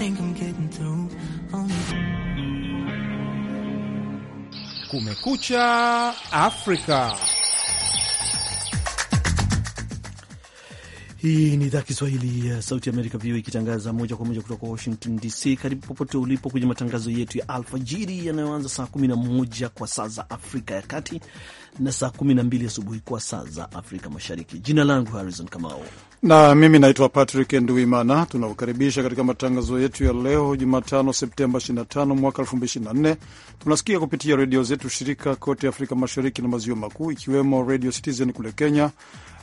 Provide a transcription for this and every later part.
think I'm getting oh, Kumekucha Afrika. Hii ni idhaa Kiswahili ya Sauti ya Amerika, VOA, ikitangaza moja kwa moja kutoka Washington DC. Karibu popote ulipo kwenye matangazo yetu ya alfajiri yanayoanza saa 11 kwa saa za Afrika ya Kati na saa 12 asubuhi kwa saa za Afrika Mashariki. Jina langu Harrison Kamau na mimi naitwa Patrick Nduimana. Tunakukaribisha katika matangazo yetu ya leo Jumatano, Septemba 25 mwaka 2024. Tunasikia kupitia redio zetu shirika kote Afrika Mashariki na Maziwa Makuu, ikiwemo Radio Citizen kule Kenya,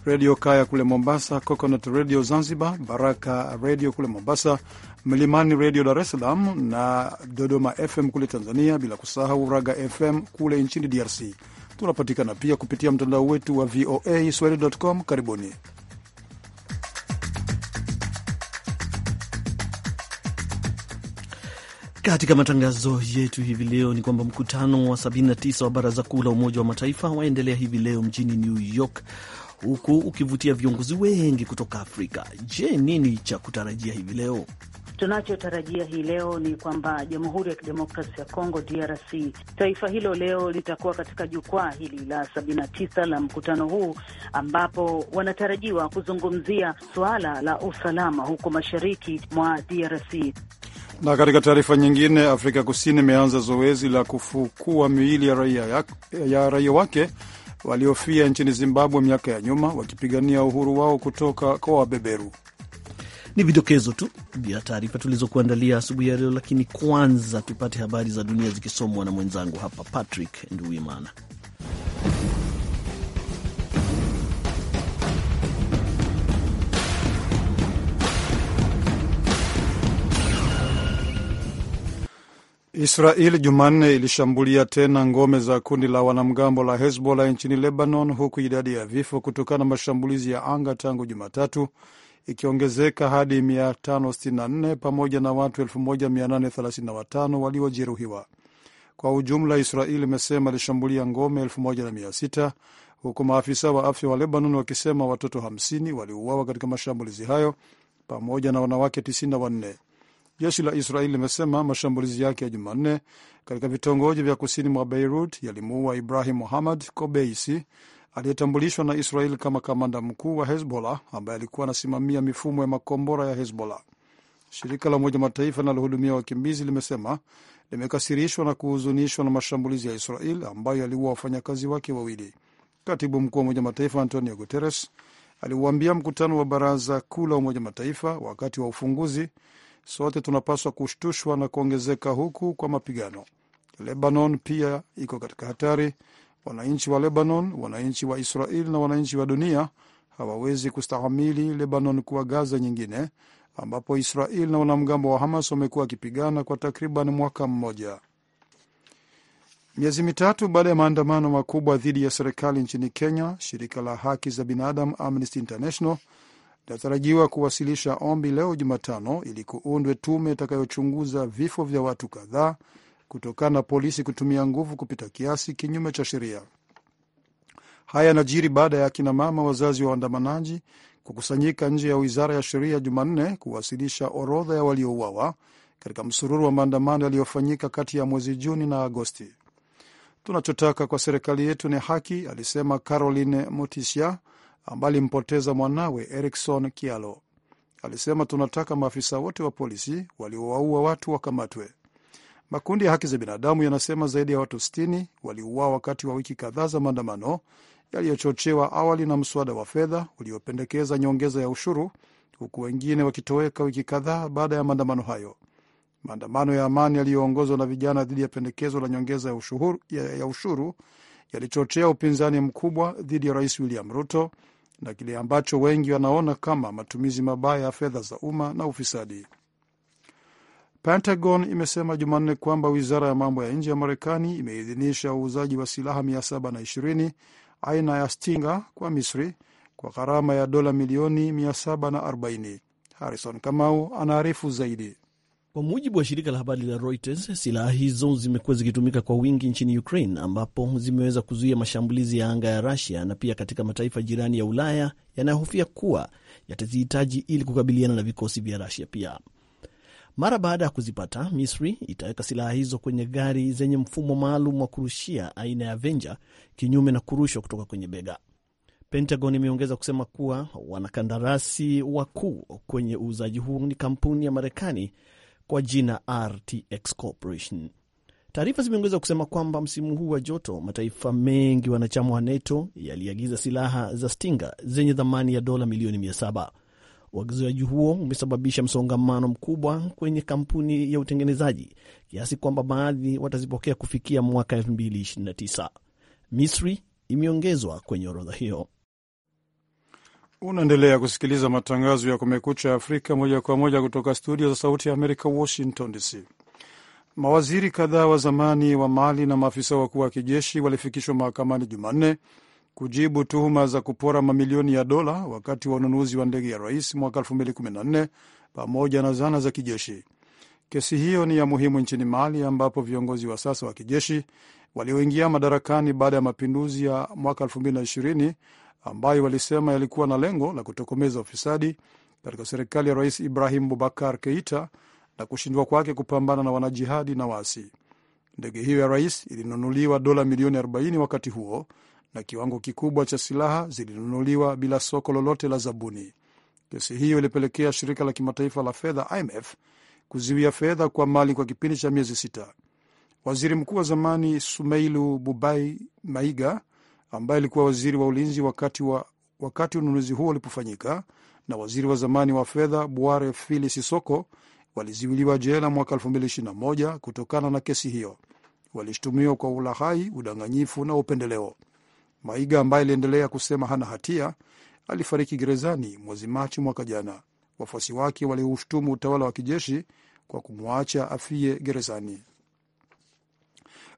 Redio Kaya kule Mombasa, Coconut Redio Zanzibar, Baraka Redio kule Mombasa, Mlimani Redio Dar es Salaam na Dodoma FM kule Tanzania, bila kusahau Raga FM kule nchini DRC. Tunapatikana pia kupitia mtandao wetu wa VOA swahili.com. Karibuni. Katika matangazo yetu hivi leo ni kwamba mkutano wa 79 wa Baraza Kuu la Umoja wa Mataifa waendelea hivi leo mjini New York huku ukivutia viongozi wengi kutoka Afrika. Je, nini cha kutarajia hivi leo? Tunachotarajia hii leo ni kwamba Jamhuri ya Kidemokrasi ya Kongo, DRC, taifa hilo leo litakuwa katika jukwaa hili la 79 la mkutano huu, ambapo wanatarajiwa kuzungumzia suala la usalama huko mashariki mwa DRC. Na katika taarifa nyingine, Afrika Kusini imeanza zoezi la kufukua miili ya raia ya, ya raia wake waliofia nchini Zimbabwe miaka ya nyuma wakipigania uhuru wao kutoka kwa wabeberu. Ni vidokezo tu vya taarifa tulizokuandalia asubuhi ya leo, lakini kwanza tupate habari za dunia zikisomwa na mwenzangu hapa Patrick Nduwimana. Israel Jumanne ilishambulia tena ngome za kundi la wanamgambo la Hezbollah nchini Lebanon, huku idadi ya vifo kutokana na mashambulizi ya anga tangu Jumatatu ikiongezeka hadi 564 pamoja na watu 1835 waliojeruhiwa. Kwa ujumla, Israel imesema ilishambulia ngome 1600 huku maafisa wa afya wa Lebanon wakisema watoto 50 waliuawa katika mashambulizi hayo pamoja na wanawake 94. Jeshi la Israeli limesema mashambulizi yake ya Jumanne katika vitongoji vya kusini mwa Beirut yalimuua Ibrahim Muhammad Kobeisi aliyetambulishwa na israel kama kamanda mkuu wa Hezbollah ambaye alikuwa anasimamia mifumo ya makombora ya Hezbollah. Shirika la Umoja Mataifa linalohudumia wakimbizi limesema limekasirishwa na kuhuzunishwa na mashambulizi ya Israel ambayo yaliua wafanyakazi wake wawili. Katibu mkuu wa Umoja Mataifa Antonio Guterres aliuambia mkutano wa Baraza Kuu la Umoja Mataifa wakati wa ufunguzi Sote tunapaswa kushtushwa na kuongezeka huku kwa mapigano. Lebanon pia iko katika hatari. Wananchi wa Lebanon, wananchi wa Israel na wananchi wa dunia hawawezi kustahamili Lebanon kuwa Gaza nyingine, ambapo Israel na wanamgambo wa Hamas wamekuwa wakipigana kwa takriban mwaka mmoja. Miezi mitatu baada ya maandamano makubwa dhidi ya serikali nchini Kenya, shirika la haki za binadamu Amnesty International inatarajiwa kuwasilisha ombi leo Jumatano ili kuundwe tume itakayochunguza vifo vya watu kadhaa kutokana na polisi kutumia nguvu kupita kiasi kinyume cha sheria. Haya yanajiri baada ya akinamama wazazi wa waandamanaji kukusanyika nje ya wizara ya sheria Jumanne kuwasilisha orodha ya waliouawa katika msururu wa maandamano yaliyofanyika kati ya mwezi Juni na Agosti. Tunachotaka kwa serikali yetu ni haki, alisema Caroline Mutisia, ambaye alimpoteza mwanawe Erikson Kialo. Alisema, tunataka maafisa wote wa polisi waliowaua watu wakamatwe. Makundi ya haki za binadamu yanasema zaidi ya watu 60 waliuawa wakati wa wiki kadhaa za maandamano yaliyochochewa awali na mswada wa fedha uliopendekeza nyongeza ya ushuru, huku wengine wakitoweka wiki kadhaa baada ya maandamano hayo. Maandamano ya amani yaliyoongozwa na vijana dhidi ya pendekezo la nyongeza ya ushuru, ya, ya ushuru yalichochea upinzani mkubwa dhidi ya rais William Ruto na kile ambacho wengi wanaona kama matumizi mabaya ya fedha za umma na ufisadi. Pentagon imesema Jumanne kwamba wizara ya mambo ya nje ya Marekani imeidhinisha uuzaji wa silaha 720 aina ya Stinger kwa Misri kwa gharama ya dola milioni 740. Harrison Kamau anaarifu zaidi. Kwa mujibu wa shirika la habari la Reuters, silaha hizo zimekuwa zikitumika kwa wingi nchini Ukraine, ambapo zimeweza kuzuia mashambulizi ya anga ya Rusia na pia katika mataifa jirani ya Ulaya yanayohofia kuwa yatazihitaji ili kukabiliana na vikosi vya Rusia. Pia mara baada ya kuzipata, Misri itaweka silaha hizo kwenye gari zenye mfumo maalum wa kurushia aina ya Avenger, kinyume na kurushwa kutoka kwenye bega. Pentagon imeongeza kusema kuwa wanakandarasi wakuu kwenye uuzaji huu ni kampuni ya Marekani kwa jina RTX Corporation. Taarifa zimeongeza kusema kwamba msimu huu wa joto, mataifa mengi wanachama wa NATO yaliagiza silaha za Stinger zenye thamani ya dola milioni 700. Uagizaji huo umesababisha msongamano mkubwa kwenye kampuni ya utengenezaji kiasi kwamba baadhi watazipokea kufikia mwaka 2029. Misri imeongezwa kwenye orodha hiyo. Unaendelea kusikiliza matangazo ya Kumekucha Afrika moja kwa moja kutoka studio za Sauti ya Amerika, Washington DC. Mawaziri kadhaa wa zamani wa Mali na maafisa wakuu wa kijeshi walifikishwa mahakamani Jumanne kujibu tuhuma za kupora mamilioni ya dola wakati wa ununuzi wa ndege ya rais mwaka 2014 pamoja na zana za kijeshi. Kesi hiyo ni ya muhimu nchini Mali, ambapo viongozi wa sasa wa kijeshi walioingia madarakani baada ya mapinduzi ya mwaka ambayo walisema yalikuwa na lengo la kutokomeza ufisadi katika serikali ya Rais Ibrahim Bubakar Keita na kushindwa kwake kupambana na wanajihadi na waasi. Ndege hiyo ya rais ilinunuliwa dola milioni 40 wakati huo, na kiwango kikubwa cha silaha zilinunuliwa bila soko lolote la zabuni. Kesi hiyo ilipelekea shirika la kimataifa la fedha IMF kuziwia fedha kwa Mali kwa kipindi cha miezi sita. Waziri mkuu wa zamani Sumeilu Bubai Maiga ambaye alikuwa waziri wa ulinzi wakati, wa, wakati ununuzi huo ulipofanyika, na waziri wa zamani wa fedha Bware Fili Sisoko waliziwiliwa jela mwaka 2021 kutokana na kesi hiyo. walishutumiwa kwa ulahai, udanganyifu na upendeleo. Maiga ambaye aliendelea kusema hana hatia alifariki gerezani mwezi Machi mwaka jana. Wafuasi wake waliushtumu utawala wa kijeshi kwa kumwacha afie gerezani.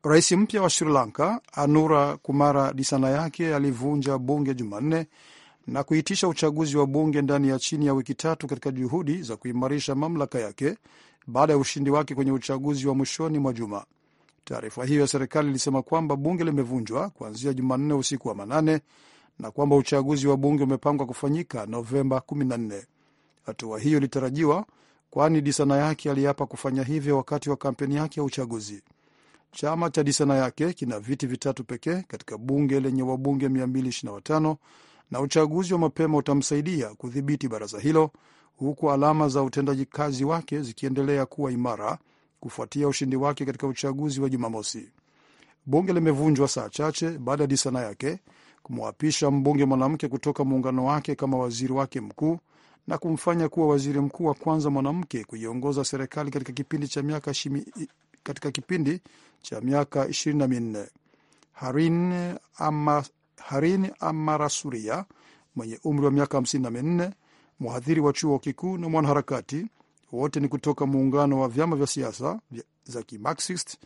Rais mpya wa Sri Lanka Anura Kumara disana yake alivunja bunge Jumanne na kuitisha uchaguzi wa bunge ndani ya chini ya wiki tatu katika juhudi za kuimarisha mamlaka yake baada ya ushindi wake kwenye uchaguzi wa mwishoni mwa juma. Taarifa hiyo ya serikali ilisema kwamba bunge limevunjwa kuanzia Jumanne usiku wa manane na kwamba uchaguzi wa bunge umepangwa kufanyika Novemba 14. Hatua hiyo ilitarajiwa kwani disana yake aliapa kufanya hivyo wakati wa kampeni yake ya uchaguzi. Chama cha Disana yake kina viti vitatu pekee katika bunge lenye wabunge 225 na uchaguzi wa mapema utamsaidia kudhibiti baraza hilo, huku alama za utendaji kazi wake zikiendelea kuwa imara kufuatia ushindi wake katika uchaguzi wa Jumamosi. Bunge limevunjwa saa chache baada ya Disana yake kumwapisha mbunge mwanamke kutoka muungano wake kama waziri wake mkuu na kumfanya kuwa waziri mkuu wa kwanza mwanamke kuiongoza serikali katika kipindi cha miaka katika kipindi cha miaka 24. Harin minne. Harin Amarasuria mwenye umri wa miaka 54, mhadhiri wa chuo kikuu na mwanaharakati, wote ni kutoka muungano wa vyama vya siasa za Kimarxist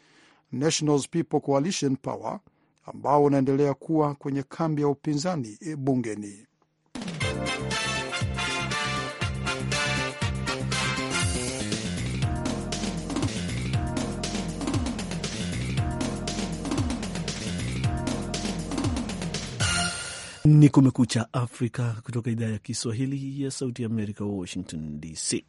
National People Coalition Power ambao unaendelea kuwa kwenye kambi ya upinzani bungeni. Ni Kumekucha Afrika kutoka idhaa ya Kiswahili ya Sauti ya Amerika, Washington DC.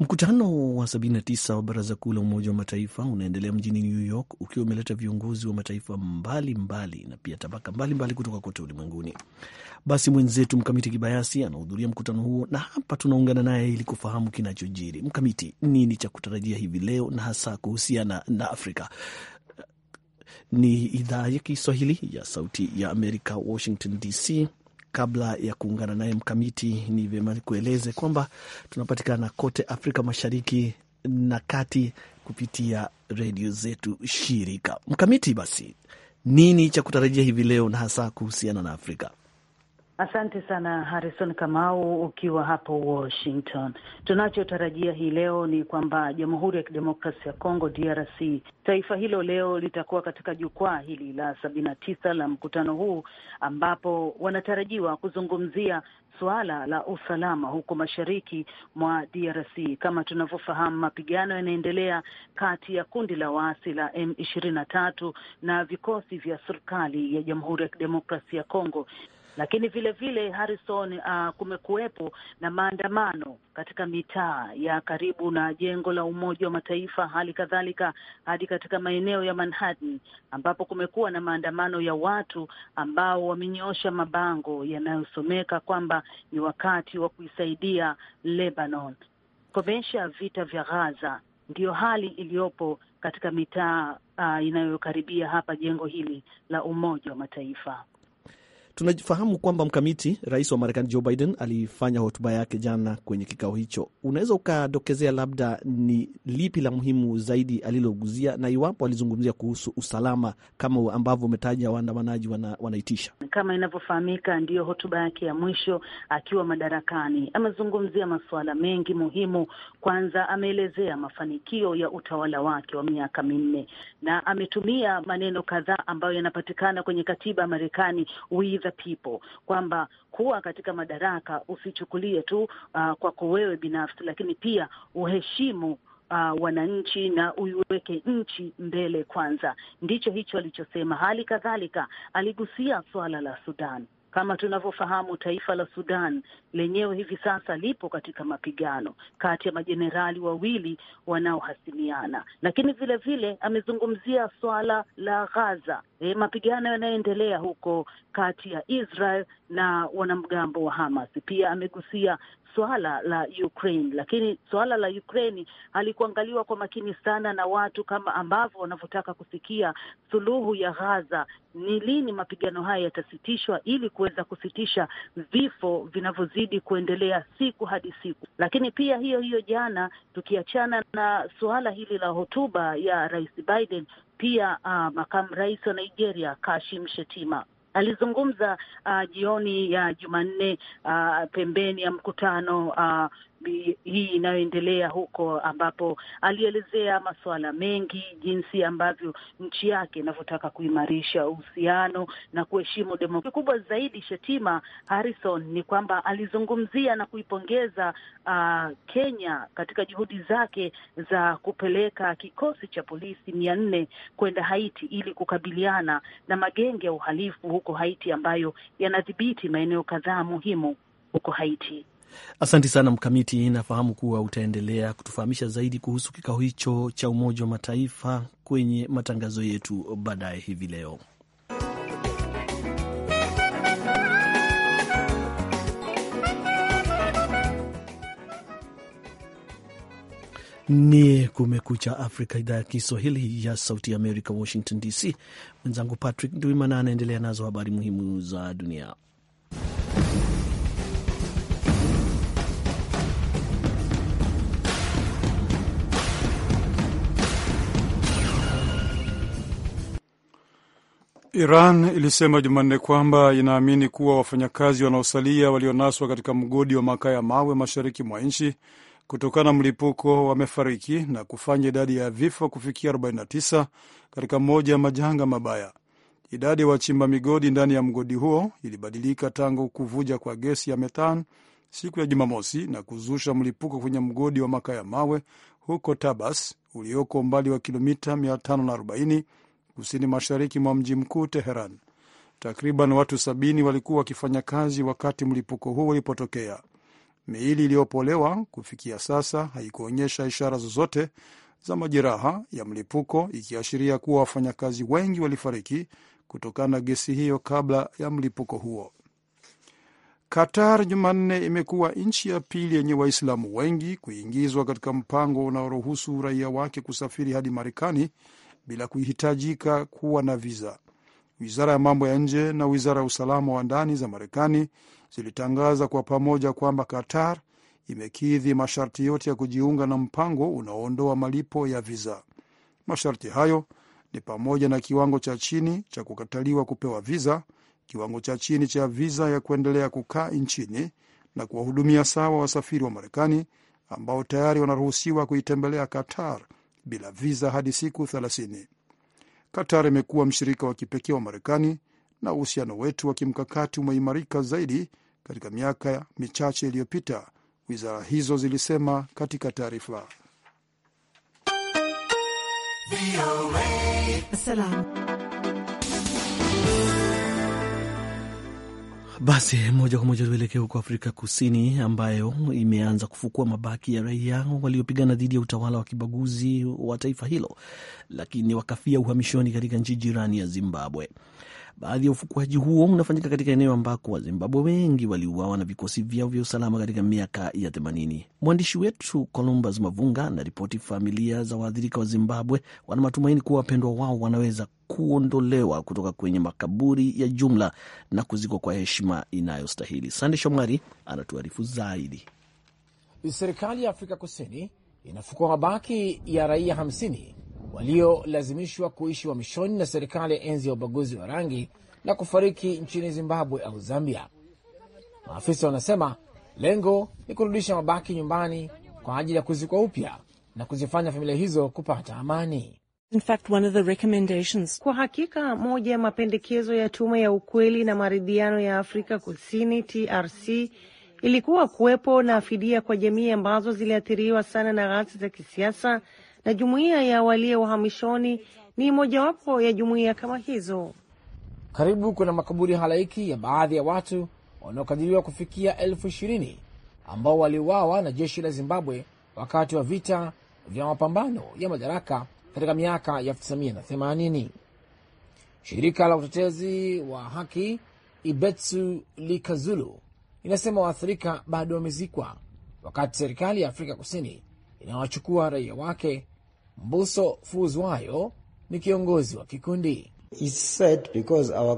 Mkutano wa 79 wa Baraza Kuu la Umoja wa Mataifa unaendelea mjini New York ukiwa umeleta viongozi wa mataifa mbalimbali mbali, na pia tabaka mbalimbali mbali kutoka kote ulimwenguni. Basi mwenzetu Mkamiti Kibayasi anahudhuria mkutano huo na hapa tunaungana naye ili kufahamu kinachojiri. Mkamiti, nini cha kutarajia hivi leo na hasa kuhusiana na Afrika? ni idhaa ya Kiswahili ya Sauti ya Amerika, Washington DC. Kabla ya kuungana naye Mkamiti, ni vyema nikueleze kwamba tunapatikana kote Afrika Mashariki na Kati kupitia redio zetu shirika. Mkamiti, basi nini cha kutarajia hivi leo na hasa kuhusiana na Afrika? Asante sana Harrison Kamau, ukiwa hapo Washington. Tunachotarajia hii leo ni kwamba Jamhuri ya Kidemokrasia ya Kongo, DRC, taifa hilo leo litakuwa katika jukwaa hili la sabini na tisa la mkutano huu ambapo wanatarajiwa kuzungumzia suala la usalama huko mashariki mwa DRC. Kama tunavyofahamu, mapigano yanaendelea kati ya kundi la waasi la M23 na vikosi vya serikali ya Jamhuri ya Kidemokrasia ya Kongo. Lakini vile vile Harrison, uh, kumekuwepo na maandamano katika mitaa ya karibu na jengo la Umoja wa Mataifa, hali kadhalika hadi katika maeneo ya Manhattan, ambapo kumekuwa na maandamano ya watu ambao wamenyosha mabango yanayosomeka kwamba ni wakati wa kuisaidia Lebanon komesha vita vya Gaza. Ndiyo hali iliyopo katika mitaa uh, inayokaribia hapa jengo hili la Umoja wa Mataifa. Tunafahamu kwamba mkamiti, rais wa Marekani Joe Biden alifanya hotuba yake jana kwenye kikao hicho. Unaweza ukadokezea labda ni lipi la muhimu zaidi aliloguzia, na iwapo alizungumzia kuhusu usalama kama ambavyo umetaja waandamanaji wana, wanaitisha? Kama inavyofahamika, ndiyo hotuba yake ya mwisho akiwa madarakani. Amezungumzia masuala mengi muhimu. Kwanza ameelezea mafanikio ya utawala wake wa miaka minne na ametumia maneno kadhaa ambayo yanapatikana kwenye katiba ya Marekani the people kwamba kuwa katika madaraka usichukulie tu uh, kwako wewe binafsi, lakini pia uheshimu Uh, wananchi na uiweke nchi mbele kwanza. Ndicho hicho alichosema. Hali kadhalika aligusia suala la Sudan kama tunavyofahamu, taifa la Sudan lenyewe hivi sasa lipo katika mapigano kati ya majenerali wawili wanaohasimiana, lakini vile vile amezungumzia swala la Gaza, e, mapigano yanayoendelea huko kati ya Israel na wanamgambo wa Hamas. Pia amegusia swala la Ukraine, lakini suala la Ukraine halikuangaliwa kwa makini sana na watu kama ambavyo wanavyotaka kusikia suluhu ya Gaza. Ni lini mapigano haya yatasitishwa ili kuweza kusitisha vifo vinavyozidi kuendelea siku hadi siku. Lakini pia hiyo hiyo jana, tukiachana na suala hili la hotuba ya Rais Biden, pia uh, makamu rais wa Nigeria Kashim Shetima Alizungumza uh, jioni ya Jumanne uh, pembeni ya mkutano uh, hii inayoendelea huko, ambapo alielezea masuala mengi, jinsi ambavyo nchi yake inavyotaka kuimarisha uhusiano na kuheshimu demokrasia. Kubwa zaidi Shetima Harrison ni kwamba alizungumzia na kuipongeza uh, Kenya katika juhudi zake za kupeleka kikosi cha polisi mia nne kwenda Haiti ili kukabiliana na magenge ya uhalifu huko Haiti ambayo yanadhibiti maeneo kadhaa muhimu huko Haiti asanti sana Mkamiti, nafahamu kuwa utaendelea kutufahamisha zaidi kuhusu kikao hicho cha Umoja wa Mataifa kwenye matangazo yetu baadaye hivi leo. Ni Kumekucha Afrika, idhaa ya Kiswahili ya Sauti ya Amerika, Washington DC. Mwenzangu Patrick Ndwimana anaendelea nazo habari muhimu za dunia. Iran ilisema Jumanne kwamba inaamini kuwa wafanyakazi wanaosalia walionaswa katika mgodi wa makaa ya mawe mashariki mwa nchi kutokana na mlipuko wamefariki na kufanya idadi ya vifo kufikia 49 katika moja ya majanga mabaya. Idadi ya wachimba migodi ndani ya mgodi huo ilibadilika tangu kuvuja kwa gesi ya metan siku ya Jumamosi na kuzusha mlipuko kwenye mgodi wa makaa ya mawe huko Tabas ulioko umbali wa kilomita 540 kusini mashariki mwa mji mkuu Teheran. Takriban watu sabini walikuwa wakifanya kazi wakati mlipuko huo ulipotokea. Miili iliyopolewa kufikia sasa haikuonyesha ishara zozote za majeraha ya mlipuko, ikiashiria kuwa wafanyakazi wengi walifariki kutokana na gesi hiyo kabla ya mlipuko huo. Qatar Jumanne imekuwa nchi ya pili yenye Waislamu wengi kuingizwa katika mpango unaoruhusu raia wake kusafiri hadi Marekani bila kuhitajika kuwa na viza. Wizara ya mambo ya nje na wizara ya usalama wa ndani za Marekani zilitangaza kwa pamoja kwamba Qatar imekidhi masharti yote ya kujiunga na mpango unaoondoa malipo ya viza. Masharti hayo ni pamoja na kiwango cha chini cha kukataliwa kupewa viza, kiwango cha chini cha viza ya kuendelea kukaa nchini na kuwahudumia sawa wasafiri wa Marekani ambao tayari wanaruhusiwa kuitembelea Qatar bila viza hadi siku 30. Qatar imekuwa mshirika wa kipekee wa Marekani na uhusiano wetu wa kimkakati umeimarika zaidi katika miaka michache iliyopita, wizara hizo zilisema katika taarifa. Salam. Basi moja kwa moja tuelekee huko Afrika Kusini, ambayo imeanza kufukua mabaki ya raia waliopigana dhidi ya utawala wa kibaguzi wa taifa hilo, lakini wakafia uhamishoni katika nchi jirani ya Zimbabwe. Baadhi ya ufukuaji huo unafanyika katika eneo ambako Wazimbabwe wengi waliuawa na vikosi vyao vya usalama katika miaka ya themanini Mwandishi wetu Columbus Mavunga anaripoti. Familia za waathirika wa Zimbabwe wana matumaini kuwa wapendwa wao wanaweza kuondolewa kutoka kwenye makaburi ya jumla na kuzikwa kwa heshima inayostahili. Sande Shomari anatuarifu zaidi. Serikali ya Afrika Kusini inafukua mabaki ya raia hamsini waliolazimishwa kuishi uhamishoni na serikali ya enzi ya ubaguzi wa rangi na kufariki nchini Zimbabwe au Zambia. Maafisa wanasema lengo ni kurudisha mabaki nyumbani kwa ajili ya kuzikwa upya na kuzifanya familia hizo kupata amani. In fact, one of the recommendations... Kwa hakika moja ya mapendekezo ya tume ya ukweli na maridhiano ya Afrika Kusini TRC ilikuwa kuwepo na fidia kwa jamii ambazo ziliathiriwa sana na ghasia za kisiasa na jumuiya ya walio uhamishoni ni mojawapo ya jumuiya kama hizo. Karibu kuna makaburi halaiki ya baadhi ya watu wanaokadiriwa kufikia elfu ishirini ambao waliuawa na jeshi la Zimbabwe wakati wa vita vya mapambano ya madaraka katika miaka ya 1980. Shirika la utetezi wa haki Ibetsu Likazulu inasema waathirika bado wamezikwa, wakati serikali ya Afrika Kusini inawachukua raia wake Mbuso Fuzwayo ni kiongozi wa kikundi.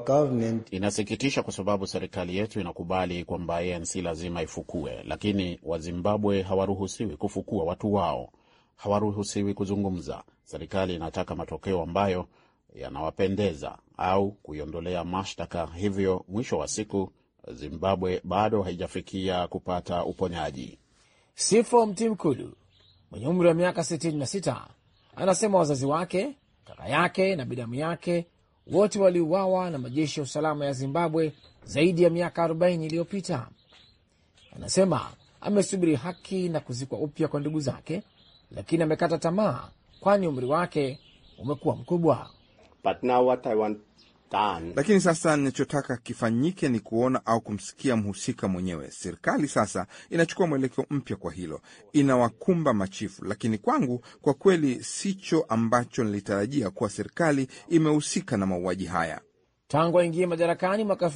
Government... Inasikitisha kwa sababu serikali yetu inakubali kwamba ANC lazima ifukue, lakini Wazimbabwe hawaruhusiwi kufukua watu wao, hawaruhusiwi kuzungumza. Serikali inataka matokeo ambayo yanawapendeza au kuiondolea mashtaka. Hivyo mwisho wa siku Zimbabwe bado haijafikia kupata uponyaji. Sifo Mtimkulu mwenye umri wa miaka 66 Anasema wazazi wake, kaka yake na binamu yake wote waliuawa na majeshi ya usalama ya Zimbabwe zaidi ya miaka 40 iliyopita. Anasema amesubiri haki na kuzikwa upya kwa ndugu zake, lakini amekata tamaa, kwani umri wake umekuwa mkubwa. But now what I want lakini sasa ninachotaka kifanyike ni kuona au kumsikia mhusika mwenyewe. Serikali sasa inachukua mwelekeo mpya kwa hilo, inawakumba machifu, lakini kwangu kwa kweli sicho ambacho nilitarajia kuwa serikali imehusika na mauaji haya. Tangu aingie madarakani mwaka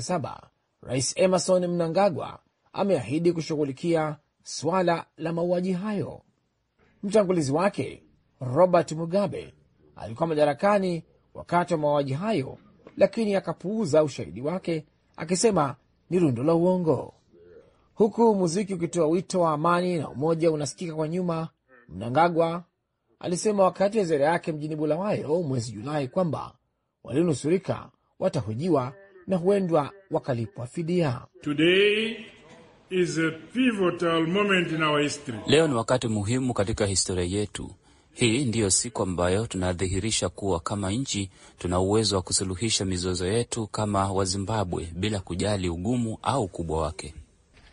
saba, Rais Emerson Mnangagwa ameahidi kushughulikia swala la mauaji hayo. Mtangulizi wake Robert Mugabe alikuwa madarakani wakati wa mauaji hayo, lakini akapuuza ushahidi wake akisema ni rundo la uongo. Huku muziki ukitoa wito wa amani na umoja unasikika kwa nyuma, Mnangagwa alisema wakati wa ziara yake mjini Bulawayo mwezi Julai kwamba walionusurika watahojiwa na huendwa wakalipwa fidia. Leo ni wakati muhimu katika historia yetu. Hii ndiyo siku ambayo tunadhihirisha kuwa kama nchi tuna uwezo wa kusuluhisha mizozo yetu kama Wazimbabwe bila kujali ugumu au ukubwa wake.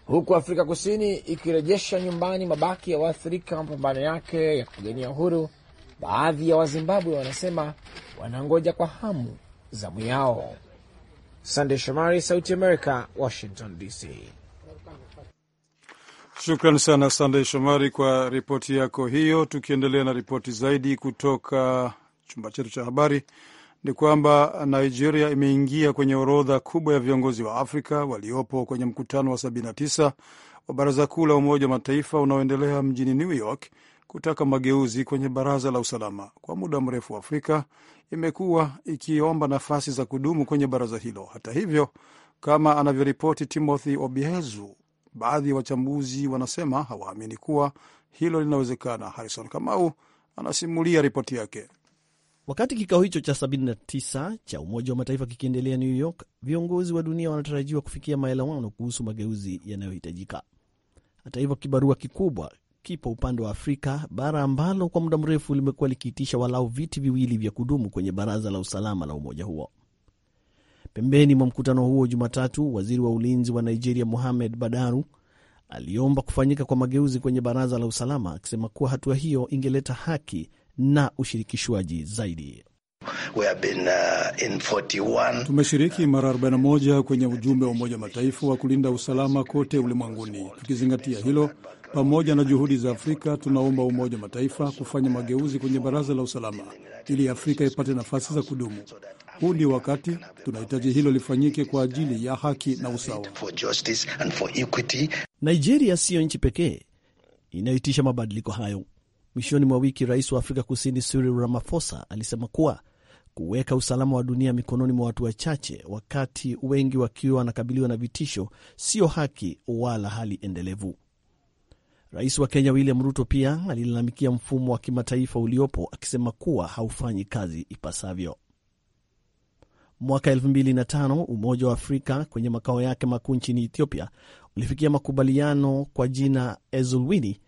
Huku Afrika Kusini ikirejesha nyumbani mabaki ya waathirika wa mapambano yake ya kupigania uhuru, baadhi ya Wazimbabwe wanasema wanangoja kwa hamu zamu yao. Sandey Shomari, Sauti America, Washington DC. Shukran sana Sandey Shomari kwa ripoti yako hiyo. Tukiendelea na ripoti zaidi kutoka chumba chetu cha habari, ni kwamba Nigeria imeingia kwenye orodha kubwa ya viongozi wa Afrika waliopo kwenye mkutano wa 79 wa Baraza Kuu la Umoja wa Mataifa unaoendelea mjini New York kutaka mageuzi kwenye Baraza la Usalama. Kwa muda mrefu, Afrika imekuwa ikiomba nafasi za kudumu kwenye baraza hilo. Hata hivyo, kama anavyoripoti Timothy Obiezu Baadhi ya wachambuzi wanasema hawaamini kuwa hilo linawezekana. Harrison Kamau anasimulia ripoti yake. Wakati kikao hicho cha 79 cha Umoja wa Mataifa kikiendelea New York, viongozi wa dunia wanatarajiwa kufikia maelewano kuhusu mageuzi yanayohitajika. Hata hivyo, kibarua kikubwa kipo upande wa Afrika, bara ambalo kwa muda mrefu limekuwa likiitisha walau viti viwili vya kudumu kwenye Baraza la Usalama la umoja huo. Pembeni mwa mkutano huo Jumatatu, waziri wa ulinzi wa Nigeria Mohamed Badaru aliomba kufanyika kwa mageuzi kwenye baraza la usalama, akisema kuwa hatua hiyo ingeleta haki na ushirikishwaji zaidi. We have been, uh, in 41. Tumeshiriki mara 41 kwenye ujumbe wa Umoja Mataifa wa kulinda usalama kote ulimwenguni. Tukizingatia hilo pamoja na juhudi za Afrika, tunaomba Umoja Mataifa kufanya mageuzi kwenye baraza la usalama ili Afrika ipate nafasi za kudumu. Huu ni wakati tunahitaji hilo lifanyike kwa ajili ya haki na usawa. Nigeria siyo nchi pekee inayoitisha mabadiliko hayo. Mwishoni mwa wiki, rais wa Afrika Kusini Cyril Ramaphosa alisema kuwa kuweka usalama wa dunia mikononi mwa watu wachache, wakati wengi wakiwa wanakabiliwa na vitisho, sio haki wala hali endelevu. Rais wa Kenya William Ruto pia alilalamikia mfumo wa kimataifa uliopo akisema kuwa haufanyi kazi ipasavyo. Mwaka 2005 Umoja wa Afrika kwenye makao yake makuu nchini Ethiopia ulifikia makubaliano kwa jina Ezulwini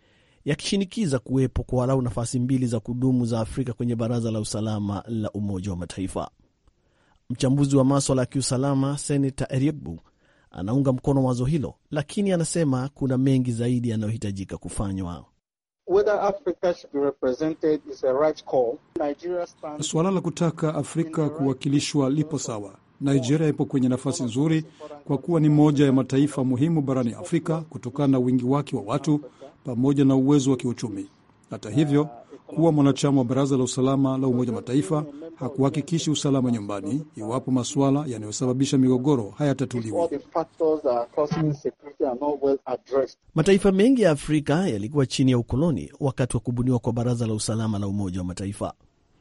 yakishinikiza kuwepo kwa walau nafasi mbili za kudumu za Afrika kwenye Baraza la Usalama la Umoja wa Mataifa. Mchambuzi wa maswala ya kiusalama Senata Eriebu anaunga mkono wazo hilo, lakini anasema kuna mengi zaidi yanayohitajika kufanywa. Suala la kutaka Afrika kuwakilishwa lipo sawa. Nigeria ipo kwenye nafasi nzuri kwa kuwa ni moja ya mataifa muhimu barani Afrika kutokana na wingi wake wa watu pamoja na uwezo wa kiuchumi. Hata hivyo kuwa mwanachama wa Baraza la Usalama la Umoja wa Mataifa hakuhakikishi usalama nyumbani iwapo masuala yanayosababisha migogoro hayatatuliwa. Mataifa mengi ya Afrika yalikuwa chini ya ukoloni wakati wa kubuniwa kwa Baraza la Usalama la Umoja wa Mataifa.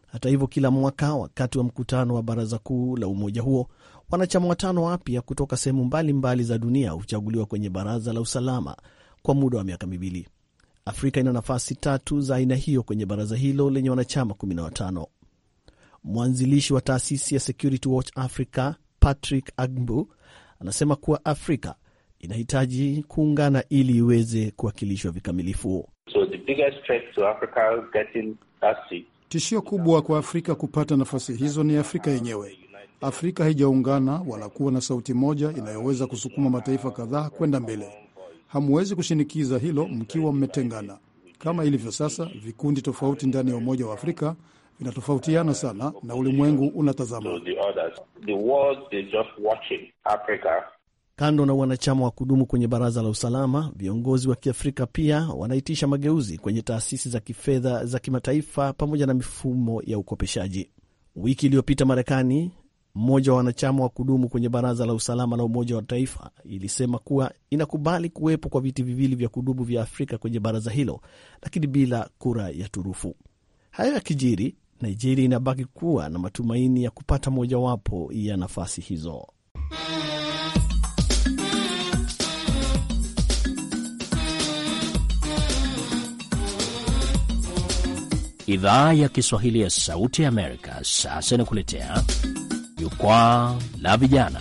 Hata hivyo, kila mwaka wakati wa mkutano wa Baraza Kuu la umoja huo, wanachama watano wapya kutoka sehemu mbalimbali za dunia huchaguliwa kwenye Baraza la Usalama kwa muda wa miaka miwili. Afrika ina nafasi tatu za aina hiyo kwenye baraza hilo lenye wanachama 15. Mwanzilishi wa taasisi ya Security Watch Africa Patrick Agbu anasema kuwa Afrika inahitaji kuungana ili iweze kuwakilishwa vikamilifu. So tishio kubwa kwa Afrika kupata nafasi hizo ni Afrika yenyewe. Afrika haijaungana wala kuwa na sauti moja inayoweza kusukuma mataifa kadhaa kwenda mbele hamwezi kushinikiza hilo mkiwa mmetengana. Kama ilivyo sasa, vikundi tofauti ndani ya Umoja wa Afrika vinatofautiana sana na ulimwengu unatazama. Kando na wanachama wa kudumu kwenye Baraza la Usalama, viongozi wa Kiafrika pia wanaitisha mageuzi kwenye taasisi za kifedha za kimataifa pamoja na mifumo ya ukopeshaji. Wiki iliyopita Marekani mmoja wa wanachama wa kudumu kwenye Baraza la Usalama la Umoja wa Taifa ilisema kuwa inakubali kuwepo kwa viti viwili vya kudumu vya Afrika kwenye baraza hilo, lakini bila kura ya turufu. Hayo yakijiri, Nigeria inabaki kuwa na matumaini ya kupata mojawapo ya nafasi hizo. Idhaa ya Kiswahili ya Sauti ya Amerika sasa inakuletea Jukwaa la Vijana.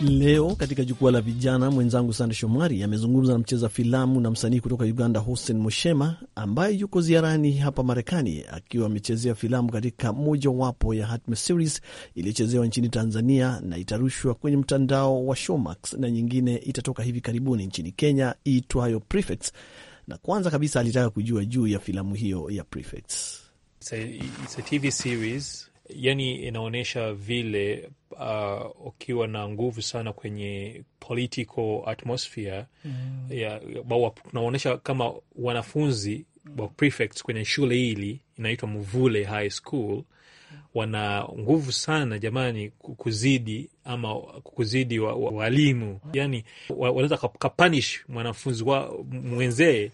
Leo katika Jukwaa la Vijana, mwenzangu Sande Shomari amezungumza na mcheza filamu na msanii kutoka Uganda, hussen Moshema, ambaye yuko ziarani hapa Marekani akiwa amechezea filamu katika mojawapo ya Hatme series iliyochezewa nchini Tanzania na itarushwa kwenye mtandao wa Showmax, na nyingine itatoka hivi karibuni nchini Kenya iitwayo Prefects. Na kwanza kabisa alitaka kujua juu ya filamu hiyo ya Prefects. It's a, it's a TV series yani inaonyesha vile uh, ukiwa na nguvu sana kwenye political atmosphere mm. tunaonyesha kama wanafunzi wa prefects kwenye shule hili inaitwa Mvule High School wana nguvu sana jamani, kuzidi ama kuzidi walimu wa, wa yani wanaweza wa kapanish mwanafunzi wa mwenzee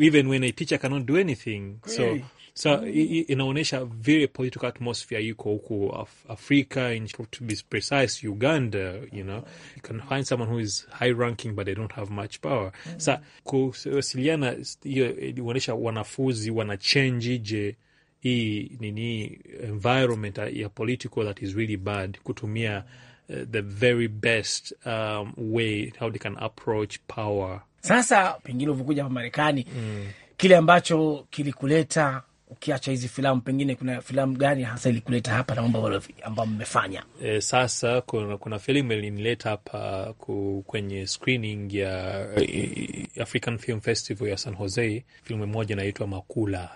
even when a teacher cannot do anything so So mm Inaonyesha vile political atmosphere iko huku Af Afrika, in to be precise Uganda, you know, you can find someone who is high ranking but they don't have much power mm Sa kuwasiliana hiyo inaonyesha wanafunzi wanachenji je hii nini environment ya political that is really bad kutumia eh, the very best um, way how they can approach power. Sasa pengine uvyokuja hapa Marekani mm. Kile ambacho kilikuleta ukiacha hizi filamu, pengine kuna filamu gani hasa ilikuleta hapa na mambo ambayo mmefanya? E, sasa kuna, kuna filamu ilinileta hapa uh, kwenye screening ya e, African Film Festival ya San Jose, filamu moja inaitwa Makula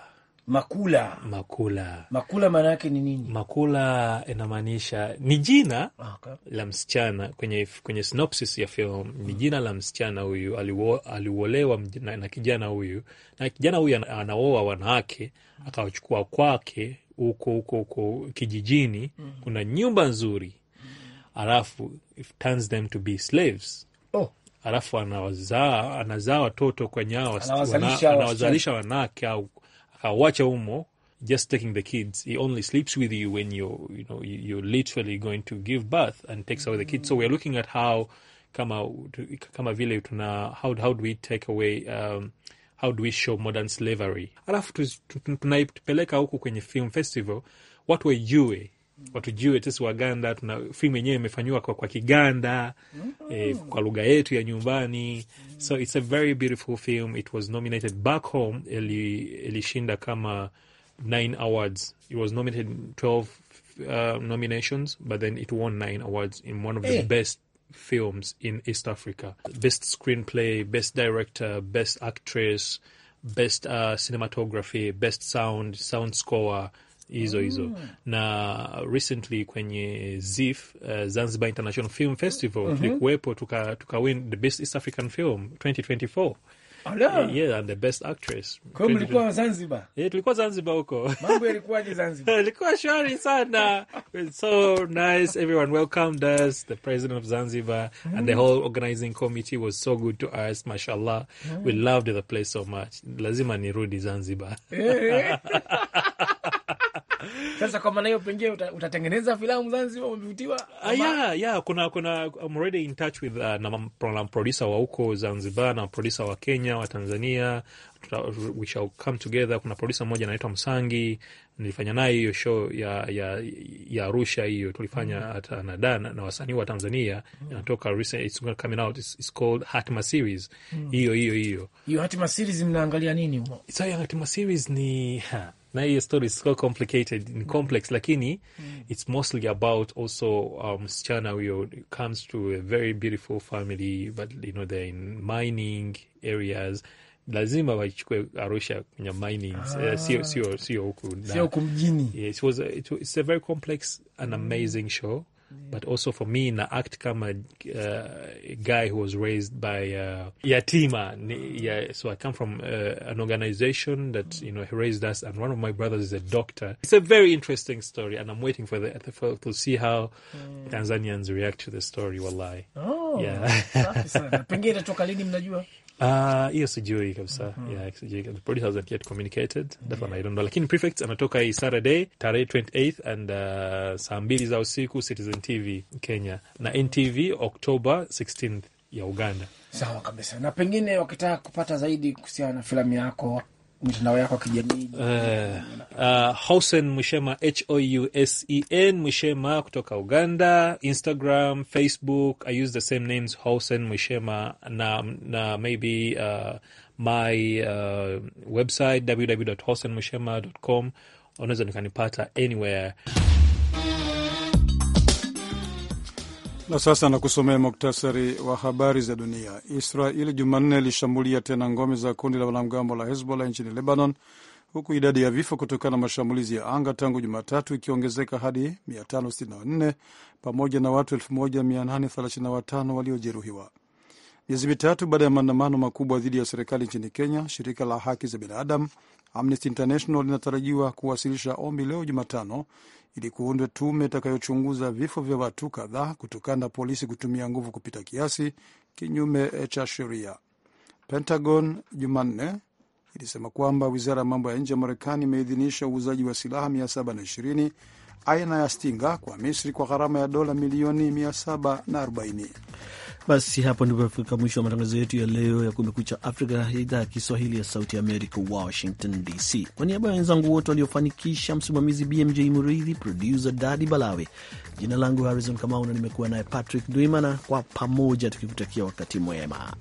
Makula, makula, makula maana yake ni nini? Makula inamaanisha ni jina okay, la msichana kwenye, kwenye synopsis ya film mm. ni jina la msichana huyu aliuolewa na, na kijana huyu na kijana huyu anaoa wanawake mm. akawachukua kwake huko huko huko kijijini, mm. kuna nyumba nzuri, mm. alafu it turns them to be slaves oh. Alafu anawazaa anazaa watoto kwenye hao, anawazalisha wanawake au Awacha uh, Umo, just taking the kids, he only sleeps with you when you're, you know, you're literally going to give birth and takes away the kids. So we're looking at how kama, kama vile tuna, how, how do we take away um, how do we show modern slavery, alafu tunaipeleka huku kwenye film festival watu wejue watujue sisi Waganda tuna filamu yenyewe imefanyiwa kwa, kwa Kiganda mm -hmm. eh, kwa lugha yetu ya nyumbani mm -hmm. so it's a very beautiful film. It was nominated back home, ilishinda kama nine awards. It was nominated 12 uh, nominations but then it won nine awards in one of the eh. best films in East Africa. Best screenplay, best director, best actress, best uh, cinematography, best sound, sound score hizo hizo mm. na recently kwenye ZIF, uh, Zanzibar International Film Festival mm -hmm. tuka, win the best East African film 2024 Yeah, and the best actress. Kwa mlikuwa Zanzibar? Yeah, tulikuwa Zanzibar huko. Mambo yalikuwaje Zanzibar? Ilikuwa shwari sana. It's so nice. Everyone welcomed us. The president of Zanzibar mm. and the mm. whole organizing committee was so good to us. Mashallah. Mm. We loved the place so much. Lazima nirudi Zanzibar. Eh, eh. Sasa kwa maana hiyo pengine utatengeneza filamu Zanzibar, umevutiwa? Ya, ah, ya, kuna kuna I'm already in touch with uh, na producer wa huko Zanzibar na producer wa Kenya, wa Tanzania we shall come together. Kuna producer mmoja anaitwa Msangi, nilifanya naye hiyo show ya ya ya Arusha hiyo tulifanya mm-hmm. hata mm -hmm. na na, na wasanii wa Tanzania mm-hmm. inatoka mm -hmm. recent it's coming out it's, it's called Hatima series hiyo mm hiyo -hmm. hiyo hiyo hiyo Hatima series mnaangalia nini huko? Sasa Hatima series ni ha na hiyo story is so complicated ni mm. complex lakini mm. it's mostly about also um, msichana um, huyo comes to a very beautiful family but you know they're in mining areas lazima waichukue Arusha kwenye mining eh, ah. sio sio sio huku sio huku mjini yeah, it was a, it, it's a very complex and mm. amazing show but also for me na act kama uh, guy who was raised by uh, yatima yeah, so i come from uh, an organization that you know raised us and one of my brothers is a doctor it's a very interesting story and i'm waiting for the for, to see how mm. tanzanians react to the story wallahi oh yeah Ah, hiyo sijui kabisa mm -hmm. yeah, The police hasn't yet communicated mm one I don't know, lakini prefect anatoka hii Saturday tarehe 28 and uh, saa mbili za usiku Citizen TV Kenya na NTV October 16th ya Uganda. Sawa kabisa, na pengine wakitaka kupata zaidi kuhusiana na filamu yako mitandao yako ya kijamii uh, eh, ah, Housen Mwishema H O U S E N Mwishema kutoka Uganda, Instagram, Facebook I use the same names Housen Mwishema na, na maybe uh, my uh, website www.housenmwishema.com unaweza nikanipata anywhere Na sasa nakusomea muktasari wa habari za dunia. Israeli Jumanne ilishambulia tena ngome za kundi la wanamgambo la Hezbollah nchini Lebanon, huku idadi ya vifo kutokana na mashambulizi ya anga tangu Jumatatu ikiongezeka hadi 564 pamoja na watu 1835 waliojeruhiwa. Miezi mitatu baada ya maandamano makubwa dhidi ya serikali nchini Kenya, shirika la haki za binadamu Amnesty International linatarajiwa kuwasilisha ombi leo Jumatano ili kuundwa tume itakayochunguza vifo vya watu kadhaa kutokana na polisi kutumia nguvu kupita kiasi kinyume eh, cha sheria. Pentagon Jumanne ilisema kwamba wizara ya mambo ya nje ya Marekani imeidhinisha uuzaji wa silaha 720 aina ya Stinga kwa Misri kwa gharama ya dola milioni 740. Basi hapo ndipo afika mwisho wa matangazo yetu ya leo ya Kumekucha Afrika ya idhaa ya Kiswahili ya Sauti Amerika, Washington DC. Kwa niaba ya wenzangu wote waliofanikisha, msimamizi BMJ Muridhi, produsa Dadi Balawe, jina langu Harrison Kamau na nimekuwa naye Patrick dwimana kwa pamoja tukikutakia wakati mwema.